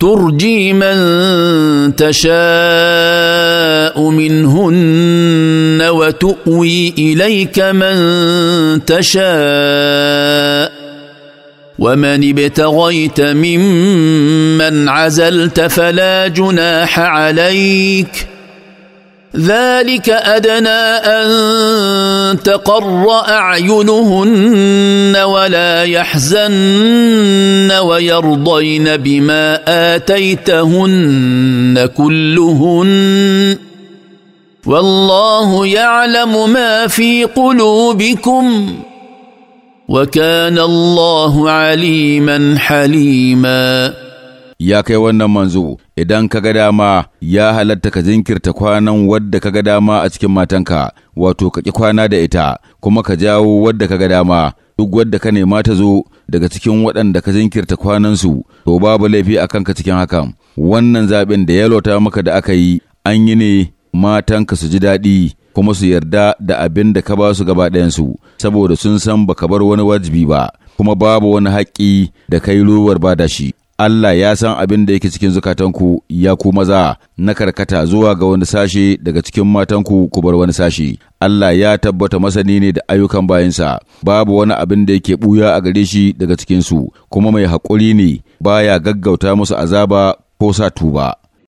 ترجي من تشاء منهن وتؤوي اليك من تشاء ومن ابتغيت ممن عزلت فلا جناح عليك ذلك ادنى ان تقر اعينهن ولا يحزن ويرضين بما اتيتهن كلهن والله يعلم ما في قلوبكم وكان الله عليما حليما ya kai wannan manzo idan ka ga dama ya halatta ka jinkirta kwanan wadda ka ga dama a cikin matanka wato ka ƙi kwana da ita kuma ka jawo wadda ka ga dama duk wadda ka nema ta zo daga cikin waɗanda ka jinkirta su to babu laifi a kanka cikin hakan wannan zaɓen da ya lota maka da aka yi an yi ne matanka su ji daɗi kuma su yarda da abin da ka ba su gaba ɗayansu saboda sun san baka bar wani wajibi ba kuma babu wani haƙƙi da kai lowar ba da shi Allah ya san abin da yake cikin zukatanku ya ku maza na karkata zuwa ga wani sashe daga cikin matanku ku bar wani sashe. Allah ya tabbata masani ne da ayyukan bayansa, babu wani abin da yake ɓuya a gare shi daga cikinsu, kuma mai haƙuri ne baya gaggauta musu azaba ko sa tuba.